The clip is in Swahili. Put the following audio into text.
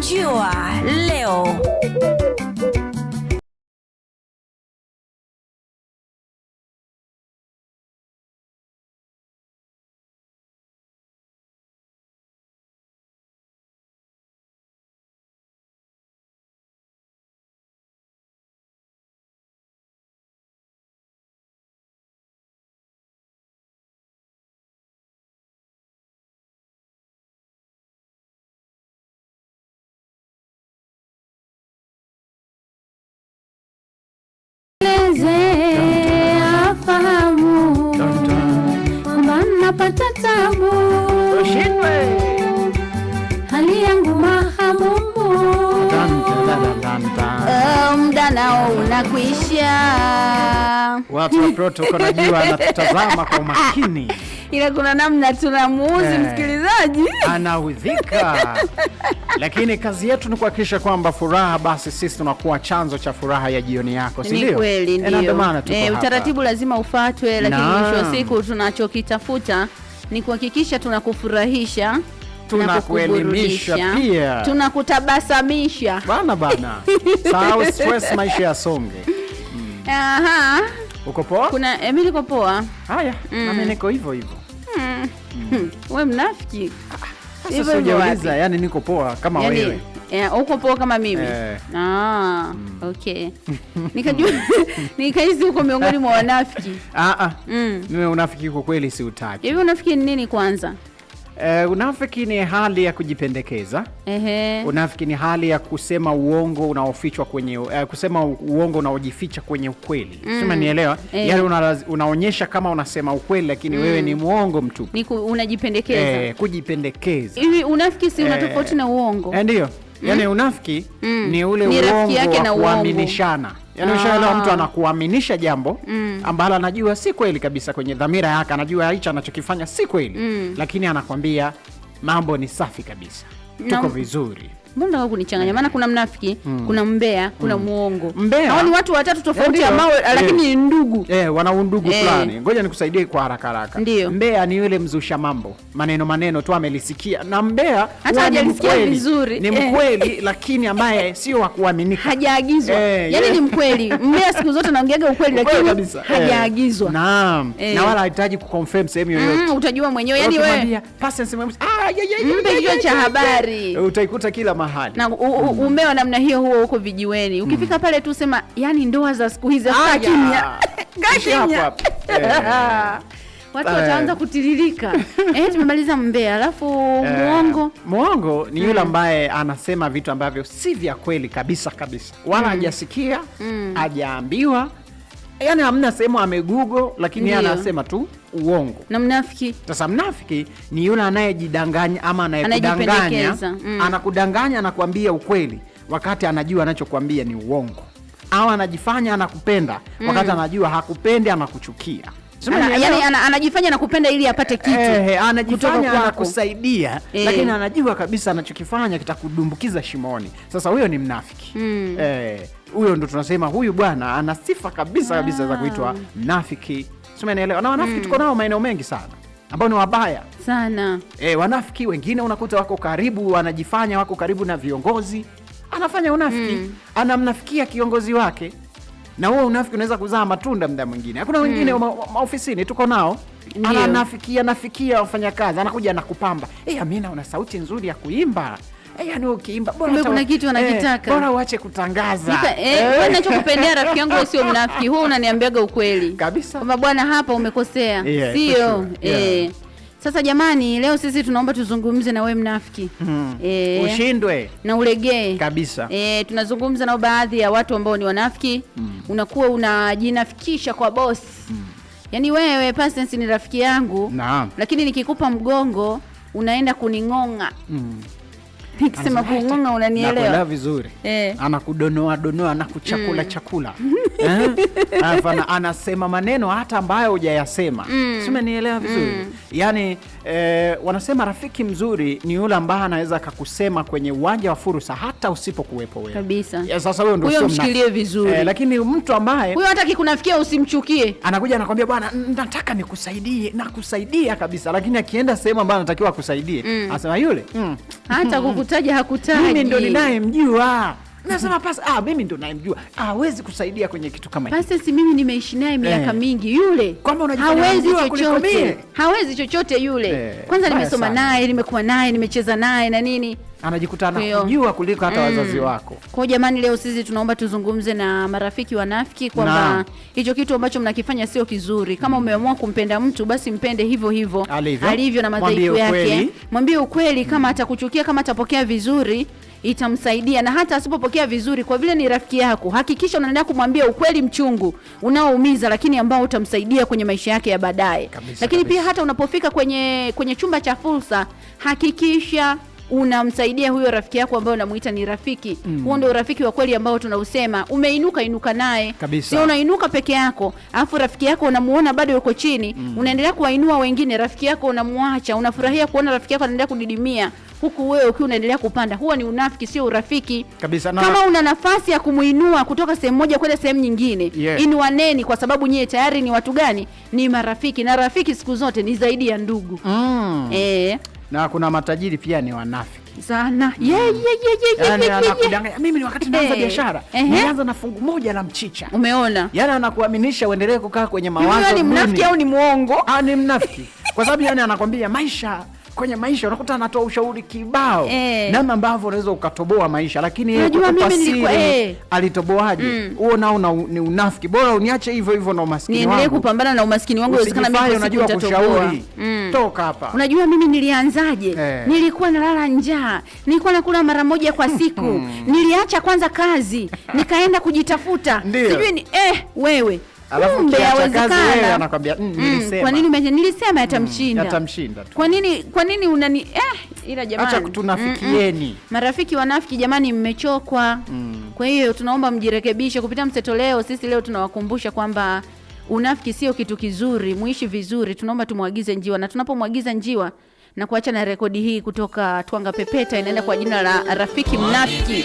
九啊六。na Watu wa protoko najua anatutazama kwa makini, ila kuna namna tunamuuzi eh, msikilizaji anaudhika lakini kazi yetu ni kuhakikisha kwamba furaha, basi sisi tunakuwa chanzo cha furaha ya jioni yako, si ndio? kweli, eh, ndio. E, utaratibu lazima ufuatwe, lakini mwisho wa siku tunachokitafuta ni kuhakikisha tunakufurahisha tunakuelimisha pia, tunakutabasamisha bana bana. Sahau stress, maisha ya songe. Hmm. Aha. Uko poa? Kuna Emily eh, niko poa. Haya, mm. Nami niko hivyo hivyo. Mm. Wewe mnafiki. Ah, sasa hujauliza, yani niko poa kama yani, wewe. Yeah, uko poa kama mimi eh. Ah, mm. Okay, nikajua nikaizi uko miongoni mwa wanafiki. Ah ah. Mm. Mimi unafiki kwa kweli si utaki. Hivi unafiki ni nini kwanza? Uh, unafiki ni hali ya kujipendekeza. Uh-huh. Unafiki ni hali ya kusema uongo unaofichwa kwenye uh, kusema uongo unaojificha kwenye ukweli. Mm. Sema nielewa. Uh-huh. Yaani una, unaonyesha kama unasema ukweli lakini mm. wewe ni muongo mtu. Ni unajipendekeza. Eh, kujipendekeza. Hivi unafiki si una tofauti eh, na uongo? Ndio. Yaani mm. unafiki mm. ni ule ni uongo wa kuaminishana. Yaani ushaelewa mtu anakuaminisha jambo mm. ambalo anajua si kweli kabisa kwenye dhamira yake, anajua hicho anachokifanya si kweli mm. lakini anakwambia mambo ni safi kabisa, tuko no. vizuri Mbona wao kunichanganya? Maana kuna mnafiki, mm. kuna mbea, mm. kuna mm. muongo. Mbea. Hao ni watu watatu tofauti ambao lakini ni ndugu. Eh, wana undugu eh. fulani. Ngoja nikusaidie kwa haraka haraka. Mbea ni yule mzusha mambo. Maneno maneno tu amelisikia. Na mbea hata hajalisikia vizuri. Ni eh. mkweli yeah. lakini ambaye sio wa kuaminika. Hajaagizwa. Eh, yaani ni mkweli. Mbea siku zote naongeaga ukweli lakini eh. hajaagizwa. Naam. yeah. Na wala hahitaji kuconfirm sehemu yoyote. Mm, utajua mwenyewe. Yaani wewe. Pasa Ah, mpe kichwa cha habari, eh, utaikuta kila mahali na umeo namna hiyo huo huko vijiweni. Hmm. Ukifika pale tu sema, yani ndoa za siku hizi kimya eh. watu wataanza eh. kutiririka. Eh, tumemaliza mbea, alafu mwongo mwongo ni yule hmm. ambaye anasema vitu ambavyo si vya kweli kabisa kabisa, wala hmm. hajasikia hajaambiwa yani hamna sehemu amegugo, lakini yeye anasema tu uongo. Na mnafiki sasa, mnafiki ni yule anayejidanganya ama anayekudanganya, mm. Anakudanganya, anakuambia ukweli wakati anajua anachokuambia ni uongo, au anajifanya anakupenda wakati mm. anajua hakupendi, anakuchukia yani, ana, anajifanya nakupenda ili apate eh, kitu eh, anajifanya anakusaidia eh, lakini anajua kabisa anachokifanya kitakudumbukiza shimoni. Sasa huyo ni mnafiki mm. eh, huyo ndo tunasema huyu bwana ana sifa kabisa kabisa za kuitwa ah. mnafiki, simenelewa na wanafiki mm. tuko nao maeneo mengi sana ambao ni wabaya sana eh, wanafiki wengine unakuta wako karibu, wanajifanya wako karibu na viongozi, anafanya unafiki mm. anamnafikia kiongozi wake na huo unafiki unaweza kuzaa matunda mda mwingine. Hakuna wengine mm. maofisini tuko nao ananafikia nafikia wafanyakazi, anakuja anakupamba, hey, Amina una sauti nzuri ya kuimba yaani ukiimba bora kuna kitu eh, anakitaka, bora uache kutangaza. Wewe eh, eh. rafiki yangu sio mnafiki, huu unaniambiaga ukweli kabisa kwamba bwana, hapa umekosea, sio eh sasa jamani, leo sisi tunaomba tuzungumze na wewe mnafiki mm. E, ushindwe na ulegee kabisa. E, tunazungumza nao baadhi ya watu ambao ni wanafiki mm. Unakuwa unajinafikisha kwa bosi mm. Yaani wewe Patience ni rafiki yangu na, lakini nikikupa mgongo unaenda kuning'onga mm nikisema kung'ong'a unanielewa vizuri eh. Anakudonoa donoa na kuchakula mm. chakula. eh? anasema maneno hata ambayo hujayasema mm. si umenielewa vizuri mm. Yani eh, wanasema rafiki mzuri ni yule ambaye anaweza akakusema kwenye uwanja wa fursa hata usipokuwepo wewe kabisa. Ya, sasa wewe ndio mshikilie eh, vizuri eh, lakini mtu ambaye huyo hata kikunafikia usimchukie, anakuja anakwambia bwana, nataka nikusaidie, nakusaidia kabisa, lakini akienda sehemu ambayo anatakiwa akusaidie mm. anasema yule mm hata hmm. kukutaja hakutaji. Mimi ndo ninayemjua nasema pasi, ah, mimi ndo nayemjua hawezi kusaidia kwenye kitu kama Pasi, si mimi nimeishi naye miaka eh. mingi, yule hawezi chochote, hawezi chochote yule. Eh. Kwanza nimesoma naye, nimekuwa naye, nimecheza naye na nini anajikuta anakujua kuliko hata mm, wazazi wako. Kwa jamani, leo sisi tunaomba tuzungumze na marafiki wanafiki kwamba hicho kitu ambacho mnakifanya sio kizuri. Kama umeamua kumpenda mtu, basi mpende hivyo hivyo alivyo, na madhaifu yake, mwambie ukweli. Kama atakuchukia, kama atapokea vizuri itamsaidia na hata asipopokea vizuri, kwa vile ni rafiki yako, hakikisha unaendelea kumwambia ukweli mchungu unaoumiza, lakini ambao utamsaidia kwenye maisha yake ya baadaye. Lakini kabisa, pia hata unapofika kwenye, kwenye chumba cha fursa hakikisha unamsaidia huyo rafiki yako ambaye unamuita ni rafiki mm. Huo ndio urafiki wa kweli ambao tunausema. Umeinuka, inuka naye, sio unainuka peke yako, alafu rafiki yako unamuona bado yuko chini mm. Unaendelea kuwainua wengine, rafiki yako unamwacha, unafurahia kuona rafiki yako anaendelea kudidimia huku wewe ukiwa unaendelea kupanda. Huo ni unafiki, sio urafiki kabisa. Na kama una nafasi ya kumuinua kutoka sehemu moja kwenda sehemu nyingine yeah. Inuaneni kwa sababu nyie tayari ni watu gani? Ni marafiki, na rafiki siku zote ni zaidi ya ndugu mm. e na kuna matajiri pia ni wanafiki sana. Yaani mimi, ni wakati naanza eh. biashara nilianza na fungu moja la mchicha. Umeona, yani anakuaminisha uendelee kukaa kwenye mawazo. Ni mnafiki au ni mwongo ah, Ni mnafiki kwa sababu yani anakwambia maisha kwenye maisha unakuta anatoa ushauri kibao eh. namna ambavyo unaweza ukatoboa maisha, lakini yeye kutupa eh. alitoboaje? Mm. Huo mm, nao ni unafiki. Bora uniache hivyo hivyo na umaskini wangu, niendelee kupambana na umaskini wangu, mimi unajua kushauri mm, toka hapa. Unajua mimi nilianzaje? eh. nilikuwa nalala njaa, nilikuwa nakula mara moja kwa siku hmm. niliacha kwanza kazi nikaenda kujitafuta, sijui ni eh, wewe alafu mm, kiacha kazi wewe anakwambia mm, mm, nilisema. Kwa nini umeacha? Nilisema yatamshinda. Yatamshinda tu. Kwa nini kwa nini unani eh, ila jamani. Acha kutunafikieni. Mm -mm. Marafiki wanafiki jamani mmechokwa. Mm. Kwa hiyo tunaomba mjirekebishe kupitia mseto leo. Sisi leo tunawakumbusha kwamba unafiki sio kitu kizuri, muishi vizuri. Tunaomba tumwagize njiwa na tunapomwagiza njiwa na kuacha na rekodi hii kutoka Twanga Pepeta inaenda kwa jina la Rafiki Mnafiki.